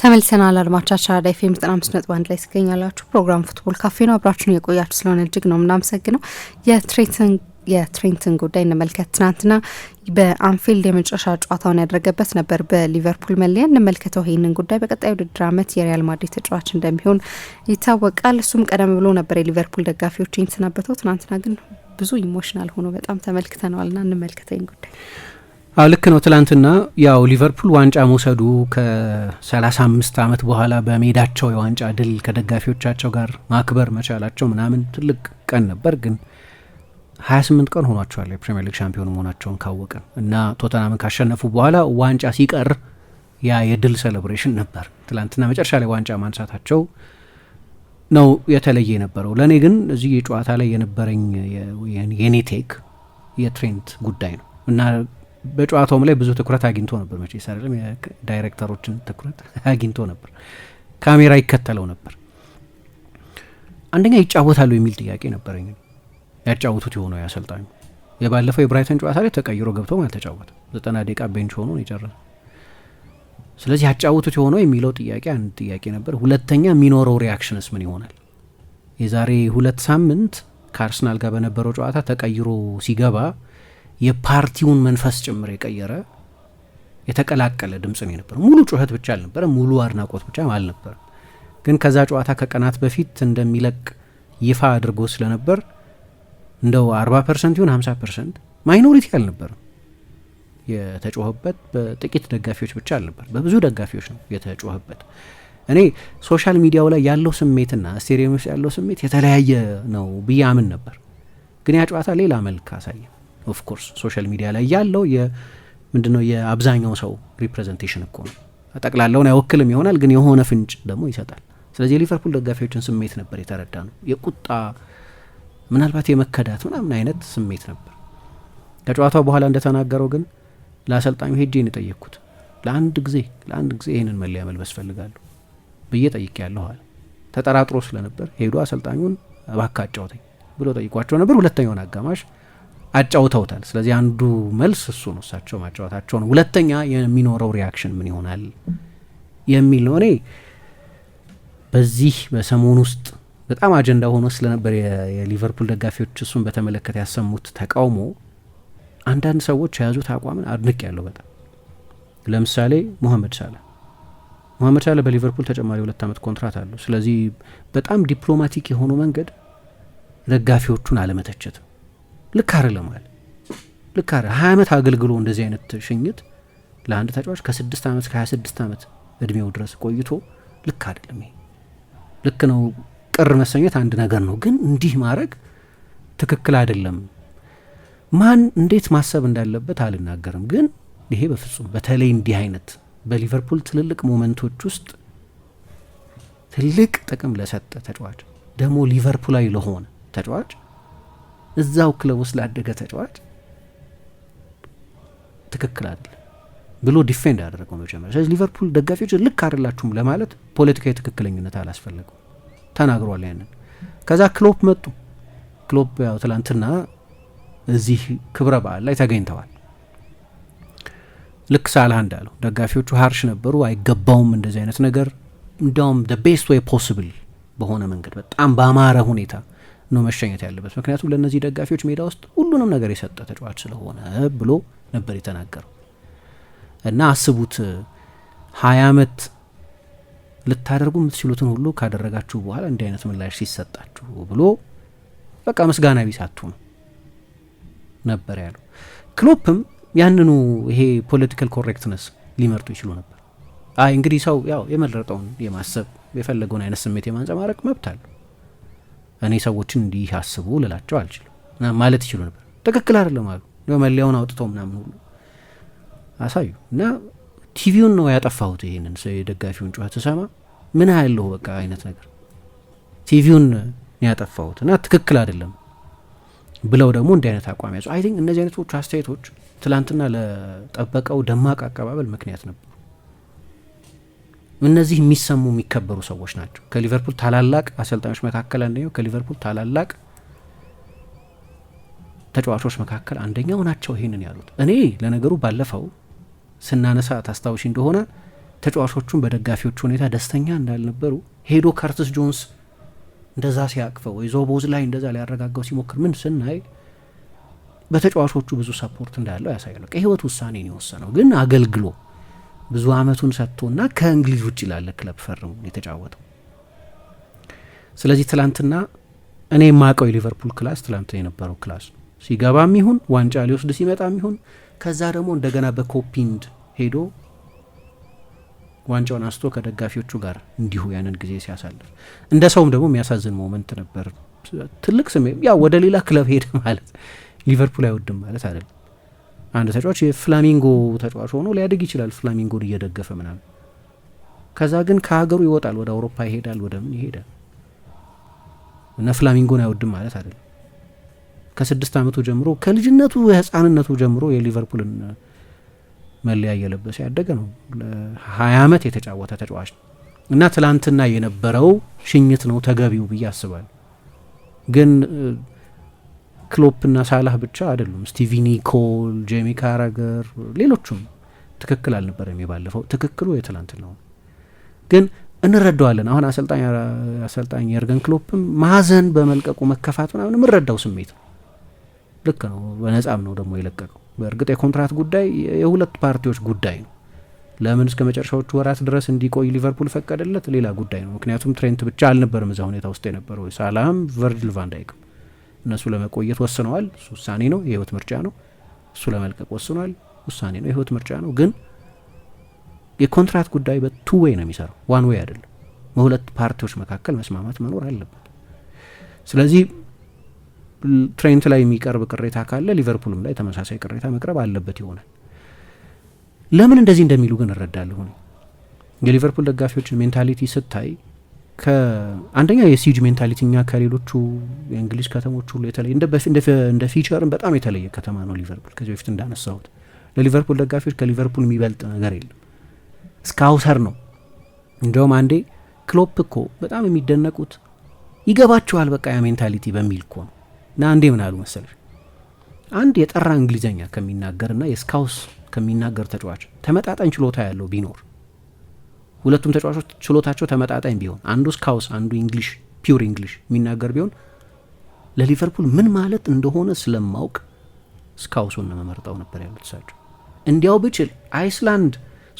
ተመልሰናል አድማጮቻችን፣ አራዳ ኤፍ ኤም ዘጠና አምስት ነጥብ አንድ ላይ ትገኛላችሁ። ፕሮግራም ፉትቦል ካፌ ነው። አብራችሁን የቆያችሁ ስለሆነ እጅግ ነው የምናመሰግነው። የትሬትን የትሬንትን ጉዳይ እንመልከት። ትናንትና በአንፊልድ የመጨረሻ ጨዋታውን ያደረገበት ነበር በሊቨርፑል መለያ። እንመልከተው ይህንን ጉዳይ በቀጣይ ውድድር ዓመት የሪያል ማድሪድ ተጫዋች እንደሚሆን ይታወቃል። እሱም ቀደም ብሎ ነበር የሊቨርፑል ደጋፊዎች የተሰናበተው። ትናንትና ግን ብዙ ኢሞሽናል ሆኖ በጣም ተመልክተነዋል። ና እንመልከተኝ ጉዳይ አዎ ልክ ነው። ትላንትና ያው ሊቨርፑል ዋንጫ መውሰዱ ከ አምስት አመት በኋላ በሜዳቸው የዋንጫ ድል ከደጋፊዎቻቸው ጋር ማክበር መቻላቸው ምናምን ትልቅ ቀን ነበር። ግን ስምንት ቀን ሆኗቸዋል የፕሪሚየር ሊግ ሻምፒዮን መሆናቸውን ካወቅን እና ቶተናምን ካሸነፉ በኋላ ዋንጫ ሲቀር ያ የድል ሴሌብሬሽን ነበር። ትላንትና መጨረሻ ላይ ዋንጫ ማንሳታቸው ነው የተለየ የነበረው። ለእኔ ግን እዚህ የጨዋታ ላይ የነበረኝ የኔቴክ የትሬንት ጉዳይ ነው እና በጨዋታውም ላይ ብዙ ትኩረት አግኝቶ ነበር። መቼስ አይደለም የዳይሬክተሮችን ትኩረት አግኝቶ ነበር። ካሜራ ይከተለው ነበር። አንደኛ ይጫወታሉ የሚል ጥያቄ ነበረኝ። ያጫወቱት የሆነው ያሰልጣኙ የባለፈው የብራይተን ጨዋታ ላይ ተቀይሮ ገብቶም አልተጫወተም። ዘጠና ደቂቃ ቤንች ሆኖ ነው የጨረሰ። ስለዚህ ያጫወቱት የሆነው የሚለው ጥያቄ አንድ ጥያቄ ነበር። ሁለተኛ የሚኖረው ሪያክሽንስ ምን ይሆናል? የዛሬ ሁለት ሳምንት ከአርስናል ጋር በነበረው ጨዋታ ተቀይሮ ሲገባ የፓርቲውን መንፈስ ጭምር የቀየረ የተቀላቀለ ድምፅ ነው የነበረው። ሙሉ ጩኸት ብቻ አልነበረም፣ ሙሉ አድናቆት ብቻ አልነበረም። ግን ከዛ ጨዋታ ከቀናት በፊት እንደሚለቅ ይፋ አድርጎ ስለነበር እንደው 40 ፐርሰንት ይሁን 50 ፐርሰንት ማይኖሪቲ አልነበርም የተጮኸበት። በጥቂት ደጋፊዎች ብቻ አልነበር፣ በብዙ ደጋፊዎች ነው የተጮኸበት። እኔ ሶሻል ሚዲያው ላይ ያለው ስሜትና ስቴዲየም ውስጥ ያለው ስሜት የተለያየ ነው ብዬ አምን ነበር። ግን ያ ጨዋታ ሌላ መልክ አሳየ። ኦፍኮርስ ሶሻል ሚዲያ ላይ ያለው ምንድነው የአብዛኛው ሰው ሪፕሬዘንቴሽን እኮ ነው። ጠቅላላውን አይወክልም ይሆናል፣ ግን የሆነ ፍንጭ ደግሞ ይሰጣል። ስለዚህ የሊቨርፑል ደጋፊዎችን ስሜት ነበር የተረዳ ነው። የቁጣ ምናልባት የመከዳት ምናምን አይነት ስሜት ነበር። ከጨዋታው በኋላ እንደተናገረው ግን ለአሰልጣኙ ሄጄ ነው የጠየቅኩት። ለአንድ ጊዜ ለአንድ ጊዜ ይህንን መለያ መልበስ ፈልጋለሁ ብዬ ጠይቄ ያለሁ አለ። ተጠራጥሮ ስለነበር ሄዶ አሰልጣኙን እባክህ አጫውተኝ ብሎ ጠይቋቸው ነበር። ሁለተኛውን አጋማሽ አጫውተውታል። ስለዚህ አንዱ መልስ እሱ ነው፣ እሳቸው ማጫወታቸው ነው። ሁለተኛ የሚኖረው ሪያክሽን ምን ይሆናል የሚል ነው። እኔ በዚህ በሰሞን ውስጥ በጣም አጀንዳ ሆኖ ስለነበር የሊቨርፑል ደጋፊዎች እሱን በተመለከተ ያሰሙት ተቃውሞ አንዳንድ ሰዎች የያዙት አቋምን አድንቅ ያለው በጣም ለምሳሌ ሞሐመድ ሳላ ሞሐመድ ሳላ በሊቨርፑል ተጨማሪ ሁለት ዓመት ኮንትራት አለው። ስለዚህ በጣም ዲፕሎማቲክ የሆነው መንገድ ደጋፊዎቹን አለመተቸት ልክ አለ ልክ አይደል። ሀያ ዓመት አገልግሎ እንደዚህ አይነት ሽኝት ለአንድ ተጫዋች ከስድስት ዓመት ከ ስድስት ዓመት እድሜው ድረስ ቆይቶ ልክ አይደለም። ይሄ ልክ ነው። ቅር መሰኘት አንድ ነገር ነው፣ ግን እንዲህ ማድረግ ትክክል አይደለም። ማን እንዴት ማሰብ እንዳለበት አልናገርም፣ ግን ይሄ በፍጹም በተለይ እንዲህ አይነት በሊቨርፑል ትልልቅ ሞመንቶች ውስጥ ትልቅ ጥቅም ለሰጠ ተጫዋች ደግሞ ሊቨርፑላዊ ለሆነ ተጫዋች እዛው ክለብ ውስጥ ላደገ ተጫዋች ትክክል አለ ብሎ ዲፌንድ አደረገው መጀመሪያ። ስለዚህ ሊቨርፑል ደጋፊዎች ልክ አይደላችሁም ለማለት ፖለቲካዊ ትክክለኝነት አላስፈለገው ተናግሯል። ያንን ከዛ ክሎፕ መጡ። ክሎፕ ያው ትላንትና እዚህ ክብረ በዓል ላይ ተገኝተዋል። ልክ ሳላህ እንዳለው ደጋፊዎቹ ሀርሽ ነበሩ። አይገባውም እንደዚህ አይነት ነገር፣ እንዲያውም ደ ቤስት ዌይ ፖስብል በሆነ መንገድ በጣም በአማረ ሁኔታ ነው መሸኘት ያለበት፣ ምክንያቱም ለእነዚህ ደጋፊዎች ሜዳ ውስጥ ሁሉንም ነገር የሰጠ ተጫዋች ስለሆነ ብሎ ነበር የተናገረው እና አስቡት ሀያ አመት ልታደርጉ የምትችሉትን ሁሉ ካደረጋችሁ በኋላ እንዲህ አይነት ምላሽ ሲሰጣችሁ ብሎ በቃ ምስጋና ቢሳቱ ነው ነበር ያለው። ክሎፕም ያንኑ ይሄ ፖለቲካል ኮሬክትነስ ሊመርጡ ይችሉ ነበር። አይ እንግዲህ ሰው ያው የመረጠውን የማሰብ የፈለገውን አይነት ስሜት የማንጸባረቅ መብት አለው። እኔ ሰዎችን እንዲህ አስቡ ልላቸው አልችልም ማለት ይችሉ ነበር። ትክክል አይደለም አሉ። መለያውን አውጥተው ምናምን ሁሉ አሳዩ እና ቲቪውን ነው ያጠፋሁት። ይህንን የደጋፊውን ጩኸት ስሰማ ምን ያለሁ በቃ አይነት ነገር ቲቪውን ያጠፋሁት እና ትክክል አይደለም ብለው ደግሞ እንዲህ አይነት አቋም ያዙ። አይ ቲንክ እነዚህ አይነቶቹ አስተያየቶች ትላንትና ለጠበቀው ደማቅ አቀባበል ምክንያት ነበር። እነዚህ የሚሰሙ የሚከበሩ ሰዎች ናቸው። ከሊቨርፑል ታላላቅ አሰልጣኞች መካከል አንደኛው፣ ከሊቨርፑል ታላላቅ ተጫዋቾች መካከል አንደኛው ናቸው ይሄንን ያሉት። እኔ ለነገሩ ባለፈው ስናነሳ ታስታውሽ እንደሆነ ተጫዋቾቹን በደጋፊዎቹ ሁኔታ ደስተኛ እንዳልነበሩ ሄዶ ካርትስ ጆንስ እንደዛ ሲያቅፈው ወይ ዞቦዝ ላይ እንደዛ ሊያረጋጋው ሲሞክር ምን ስናይ በተጫዋቾቹ ብዙ ሰፖርት እንዳለው ያሳያል። ውሳኔ ውሳኔን የወሰነው ግን አገልግሎ ብዙ አመቱን ሰጥቶና ከእንግሊዝ ውጭ ላለ ክለብ ፈርሞ የተጫወተው። ስለዚህ ትላንትና እኔ የማውቀው የሊቨርፑል ክላስ ትላንት የነበረው ክላስ ነው። ሲገባም ይሁን ዋንጫ ሊወስድ ሲመጣም ይሁን ከዛ ደግሞ እንደገና በኮፒንድ ሄዶ ዋንጫውን አንስቶ ከደጋፊዎቹ ጋር እንዲሁ ያንን ጊዜ ሲያሳልፍ እንደ ሰውም ደግሞ የሚያሳዝን ሞመንት ነበር። ትልቅ ስሜ ያው ወደ ሌላ ክለብ ሄደ ማለት ሊቨርፑል አይወድም ማለት አይደለም። አንድ ተጫዋች የፍላሚንጎ ተጫዋች ሆኖ ሊያድግ ይችላል፣ ፍላሚንጎን እየደገፈ ምናምን። ከዛ ግን ከሀገሩ ይወጣል፣ ወደ አውሮፓ ይሄዳል፣ ወደ ምን ይሄዳል እና ፍላሚንጎን አይወድም ማለት አይደለም። ከስድስት ዓመቱ ጀምሮ ከልጅነቱ የህፃንነቱ ጀምሮ የሊቨርፑልን መለያ እየለበሰ ያደገ ነው። ሀያ ዓመት የተጫወተ ተጫዋች ነው እና ትላንትና የነበረው ሽኝት ነው ተገቢው ብዬ አስባለሁ ግን ክሎፕና ሳላህ ብቻ አይደሉም። ስቲቪ ኒኮል፣ ጄሚ ካራገር፣ ሌሎቹም ትክክል አልነበረም። የባለፈው ትክክሉ ነው፣ ግን እንረዳዋለን። አሁን አሰልጣኝ የርገን ክሎፕም ማዘን በመልቀቁ መከፋት ምናምን የምንረዳው ስሜት ነው። ልክ ነው። በነጻም ነው ደግሞ የለቀቀው። በእርግጥ የኮንትራት ጉዳይ የሁለት ፓርቲዎች ጉዳይ ነው። ለምን እስከ መጨረሻዎቹ ወራት ድረስ እንዲቆይ ሊቨርፑል ፈቀደለት ሌላ ጉዳይ ነው። ምክንያቱም ትሬንት ብቻ አልነበርም እዛ ሁኔታ ውስጥ የነበረው ሳላህም ቨርጅል ቫንዳይክም እነሱ ለመቆየት ወስነዋል። እሱ ውሳኔ ነው፣ የህይወት ምርጫ ነው። እሱ ለመልቀቅ ወስኗል፣ ውሳኔ ነው፣ የህይወት ምርጫ ነው። ግን የኮንትራክት ጉዳይ በቱ ወይ ነው የሚሰራው፣ ዋን ወይ አይደለም። በሁለት ፓርቲዎች መካከል መስማማት መኖር አለበት። ስለዚህ ትሬንት ላይ የሚቀርብ ቅሬታ ካለ ሊቨርፑልም ላይ ተመሳሳይ ቅሬታ መቅረብ አለበት ይሆናል። ለምን እንደዚህ እንደሚሉ ግን እረዳለሁ። የሊቨርፑል ደጋፊዎችን ሜንታሊቲ ስታይ አንደኛ የሲጅ ሜንታሊቲ እኛ ከሌሎቹ የእንግሊዝ ከተሞች ሁሉ የተለየ እንደ ፊቸርም በጣም የተለየ ከተማ ነው ሊቨርፑል። ከዚህ በፊት እንዳነሳሁት ለሊቨርፑል ደጋፊዎች ከሊቨርፑል የሚበልጥ ነገር የለም። ስካውሰር ነው እንዲሁም አንዴ ክሎፕ እኮ በጣም የሚደነቁት ይገባቸዋል በቃ ያ ሜንታሊቲ በሚል እኮ ነው። እና አንዴ ምን አሉ መሰለሽ አንድ የጠራ እንግሊዝኛ ከሚናገርና የስካውስ ከሚናገር ተጫዋች ተመጣጣኝ ችሎታ ያለው ቢኖር ሁለቱም ተጫዋቾች ችሎታቸው ተመጣጣኝ ቢሆን አንዱ ስካውስ አንዱ እንግሊሽ ፒውር እንግሊሽ የሚናገር ቢሆን ለሊቨርፑል ምን ማለት እንደሆነ ስለማውቅ ስካውሱን ነው መመርጠው ነበር ያሉት እሳቸው። እንዲያው ብችል አይስላንድ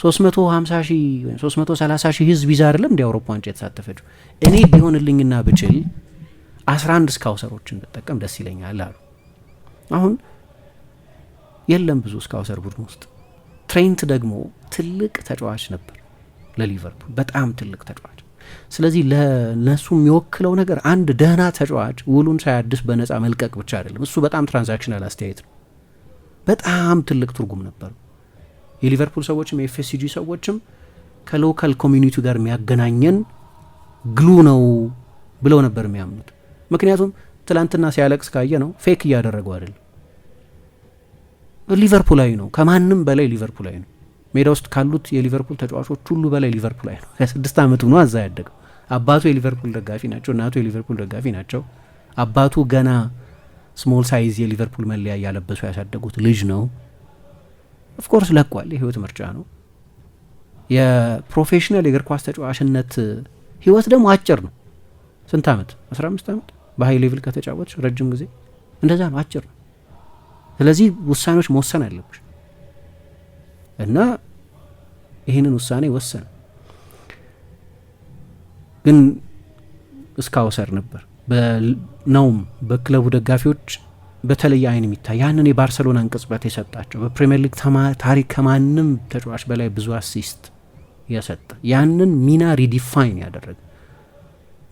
350 ሺህ ወይም 330 ሺህ ህዝብ ይዛ አይደለም እንዲ አውሮፓ ዋንጫ የተሳተፈችው እኔ ቢሆንልኝና ብችል 11 ስካውሰሮችን ብጠቀም ደስ ይለኛል አሉ። አሁን የለም ብዙ ስካውሰር ቡድን ውስጥ ትሬንት ደግሞ ትልቅ ተጫዋች ነበር። ለሊቨርፑል በጣም ትልቅ ተጫዋች። ስለዚህ ለነሱ የሚወክለው ነገር አንድ ደህና ተጫዋች ውሉን ሳያድስ በነፃ መልቀቅ ብቻ አይደለም። እሱ በጣም ትራንዛክሽናል አስተያየት ነው። በጣም ትልቅ ትርጉም ነበሩ። የሊቨርፑል ሰዎችም የኤፍኤስሲጂ ሰዎችም ከሎካል ኮሚኒቲ ጋር የሚያገናኘን ግሉ ነው ብለው ነበር የሚያምኑት። ምክንያቱም ትላንትና ሲያለቅስ ካየ ነው ፌክ እያደረገው አይደለም፣ ሊቨርፑላዊ ነው። ከማንም በላይ ሊቨርፑላዊ ነው። ሜዳ ውስጥ ካሉት የሊቨርፑል ተጫዋቾች ሁሉ በላይ ሊቨርፑል አይ ነው። ከስድስት አመቱ ነው አዛ ያደገው። አባቱ የሊቨርፑል ደጋፊ ናቸው፣ እናቱ የሊቨርፑል ደጋፊ ናቸው። አባቱ ገና ስሞል ሳይዝ የሊቨርፑል መለያ እያለበሱ ያሳደጉት ልጅ ነው። ኦፍኮርስ ለቋል። የህይወት ምርጫ ነው። የፕሮፌሽናል የእግር ኳስ ተጫዋችነት ህይወት ደግሞ አጭር ነው። ስንት ዓመት? 15 ዓመት በሀይ ሌቭል ከተጫወች ረጅም ጊዜ እንደዛ ነው፣ አጭር ነው። ስለዚህ ውሳኔዎች መወሰን አለብሽ። እና ይህንን ውሳኔ ወሰነ። ግን እስካውሰር ነበር ነውም በክለቡ ደጋፊዎች በተለየ አይን የሚታይ ያንን የባርሰሎናን ቅጽበት የሰጣቸው በፕሪምየር ሊግ ታሪክ ከማንም ተጫዋች በላይ ብዙ አሲስት የሰጠ ያንን ሚና ሪዲፋይን ያደረገ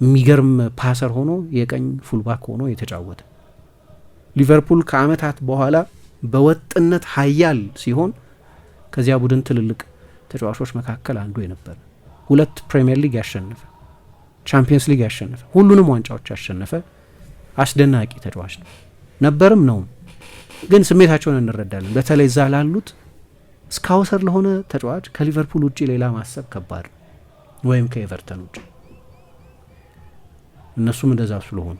የሚገርም ፓሰር ሆኖ የቀኝ ፉልባክ ሆኖ የተጫወተ ሊቨርፑል ከአመታት በኋላ በወጥነት ሀያል ሲሆን ከዚያ ቡድን ትልልቅ ተጫዋቾች መካከል አንዱ የነበረ ሁለት ፕሪምየር ሊግ ያሸነፈ፣ ቻምፒየንስ ሊግ ያሸነፈ፣ ሁሉንም ዋንጫዎች ያሸነፈ አስደናቂ ተጫዋች ነው ነበርም ነው። ግን ስሜታቸውን እንረዳለን። በተለይ እዛ ላሉት ስካውሰር ለሆነ ተጫዋች ከሊቨርፑል ውጭ ሌላ ማሰብ ከባድ ነው፣ ወይም ከኤቨርተን ውጭ እነሱም እንደዛ ስለሆኑ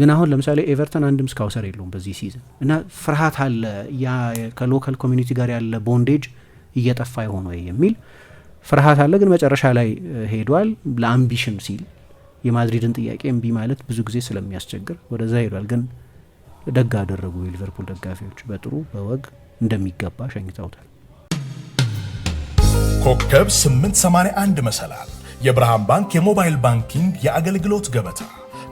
ግን አሁን ለምሳሌ ኤቨርተን አንድም ስካውሰር የለውም በዚህ ሲዝን እና ፍርሃት አለ። ያ ከሎካል ኮሚኒቲ ጋር ያለ ቦንዴጅ እየጠፋ የሆነ የሚል ፍርሃት አለ። ግን መጨረሻ ላይ ሄዷል። ለአምቢሽን ሲል የማድሪድን ጥያቄ እምቢ ማለት ብዙ ጊዜ ስለሚያስቸግር ወደዛ ሄዷል። ግን ደግ አደረጉ የሊቨርፑል ደጋፊዎች፣ በጥሩ በወግ እንደሚገባ ሸኝተውታል። ኮከብ 881 መሰላል የብርሃን ባንክ የሞባይል ባንኪንግ የአገልግሎት ገበታ